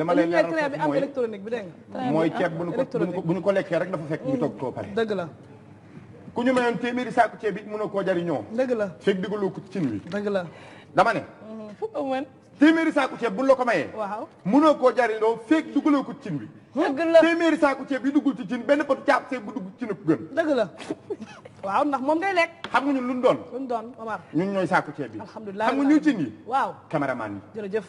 dama leen leeral bi am électronique bi dégg nga mooy ceeb bu ñu ko bu ñu ko lekkee rek dafa fekk ñu toog koo pare dëgg la ku ñu mayoon téeméeri saaku ceeb bi mën a koo jariñoo dëgg la fekk ko cin wi dëgg la dama ne mhm. man téeméeri saaku ceeb bu la ko mayee waaw mënoo koo jariñoo fekk dugaloo ko cin bi dëgg la téeméeri saaku ceeb yi duggul ci cin benn pot caab ceeb bu dugg ci nag gën dëgg la waaw ndax moom day lekk xam nga ñun lu ñu doon lu ñu doon ñun ñooy saaku ceeb bi alhamdulilah xam nga ñu cin yi waaw caméraman yi jërëjëf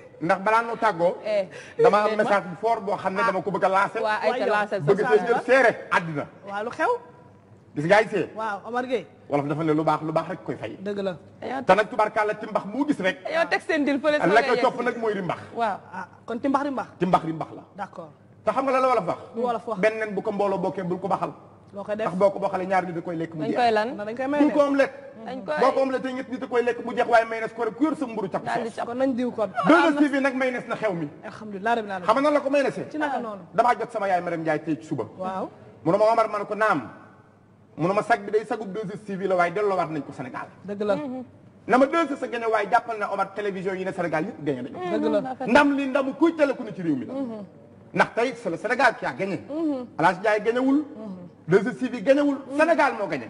ndax bala no tàggoo. dama am message bu fort bo xamne dama ko bëgg a laasal. waaw ay laasal bëgg see jël séré adina wa lu xew. gis nga sé wa Omar Gueye. wala dafa ne lu bax lu bax rek koy fay. deug la. te nag tubarkalla ci mbax mo gis rek. yow tek sen dil fële la ko topp nag mooy rimbax. waaw ah kon ci mbax rimbax. ci mbax rimbax la. d'accord. ta xam nga la wala wolof wax. wolof bu ko mbolo bokke bu ko baxal boo ko def ndax boo ko boo xale ñaar nit da koy lekk mu sa mburu càpp daal di ko deux TV nag mayonnaise na xew ma Omar mm-hmm. sa gagné waaye jàppal na Omar télévision yi ne Sénégal yëpp gagné nañu dëgg la mm-hmm. ndam li ndamu kuy tele ku ne ci réew mi la mm-hmm. ndax tey c'est le Sénégal qui a gagné Alas Ndiaye gagné wul 2STV gañewul Sénégal moo gañe